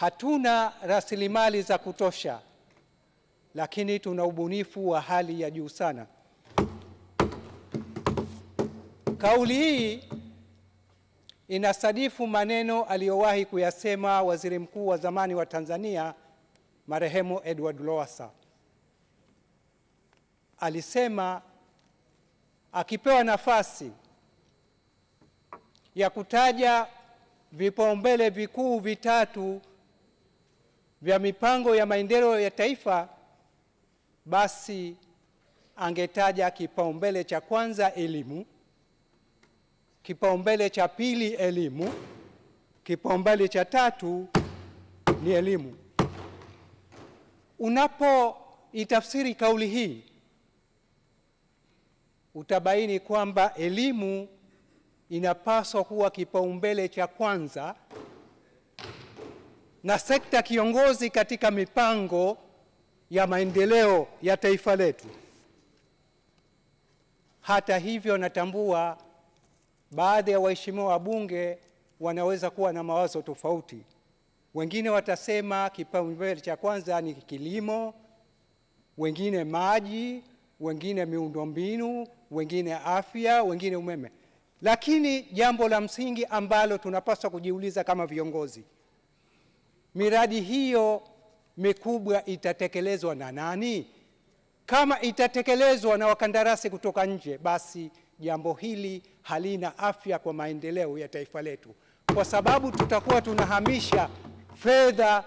Hatuna rasilimali za kutosha, lakini tuna ubunifu wa hali ya juu sana. Kauli hii inasadifu maneno aliyowahi kuyasema waziri mkuu wa zamani wa Tanzania marehemu Edward Lowassa. Alisema akipewa nafasi ya kutaja vipaumbele vikuu vitatu vya mipango ya maendeleo ya taifa, basi angetaja kipaumbele cha kwanza elimu, kipaumbele cha pili elimu, kipaumbele cha tatu ni elimu. Unapoitafsiri kauli hii utabaini kwamba elimu inapaswa kuwa kipaumbele cha kwanza na sekta kiongozi katika mipango ya maendeleo ya taifa letu. Hata hivyo, natambua baadhi ya waheshimiwa wabunge wanaweza kuwa na mawazo tofauti. Wengine watasema kipaumbele cha kwanza ni kilimo, wengine maji, wengine miundombinu, wengine afya, wengine umeme. Lakini jambo la msingi ambalo tunapaswa kujiuliza kama viongozi miradi hiyo mikubwa itatekelezwa na nani? Kama itatekelezwa na wakandarasi kutoka nje, basi jambo hili halina afya kwa maendeleo ya taifa letu, kwa sababu tutakuwa tunahamisha fedha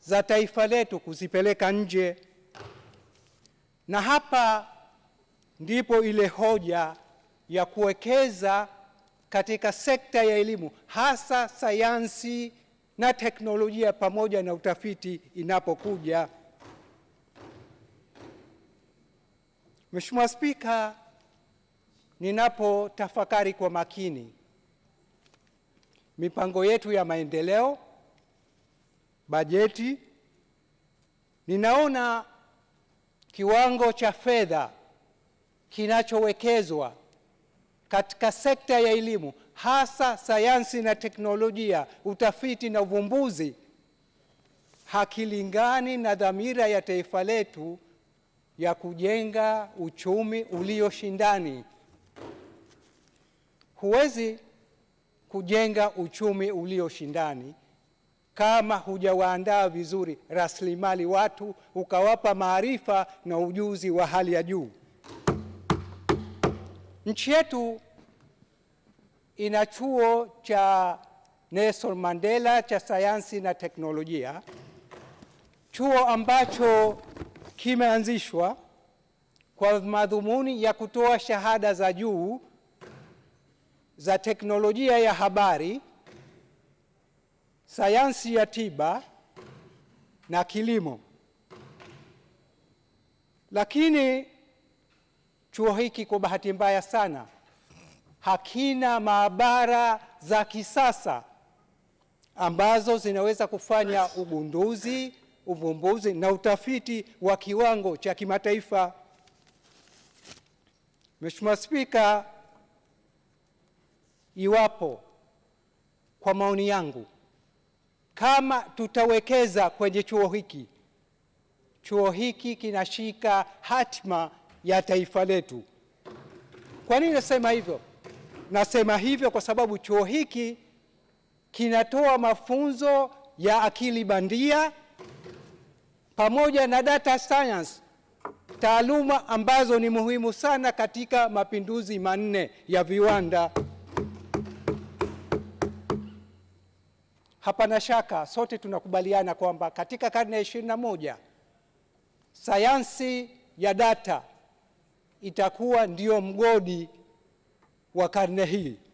za taifa letu kuzipeleka nje, na hapa ndipo ile hoja ya kuwekeza katika sekta ya elimu, hasa sayansi na teknolojia pamoja na utafiti inapokuja. Mheshimiwa Spika, ninapotafakari kwa makini mipango yetu ya maendeleo, bajeti, ninaona kiwango cha fedha kinachowekezwa katika sekta ya elimu hasa sayansi na teknolojia, utafiti na uvumbuzi hakilingani na dhamira ya taifa letu ya kujenga uchumi ulioshindani. Huwezi kujenga uchumi ulioshindani kama hujawaandaa vizuri rasilimali watu, ukawapa maarifa na ujuzi wa hali ya juu. Nchi yetu ina chuo cha Nelson Mandela cha sayansi na teknolojia, chuo ambacho kimeanzishwa kwa madhumuni ya kutoa shahada za juu za teknolojia ya habari, sayansi ya tiba na kilimo. Lakini chuo hiki kwa bahati mbaya sana hakina maabara za kisasa ambazo zinaweza kufanya ugunduzi, uvumbuzi na utafiti wa kiwango cha kimataifa. Mheshimiwa Spika, iwapo kwa maoni yangu kama tutawekeza kwenye chuo hiki, chuo hiki kinashika hatima ya taifa letu. Kwa nini nasema hivyo? Nasema hivyo kwa sababu chuo hiki kinatoa mafunzo ya akili bandia pamoja na data science, taaluma ambazo ni muhimu sana katika mapinduzi manne ya viwanda. Hapana shaka sote tunakubaliana kwamba katika karne ya ishirini na moja sayansi ya data itakuwa ndiyo mgodi wa karne hii.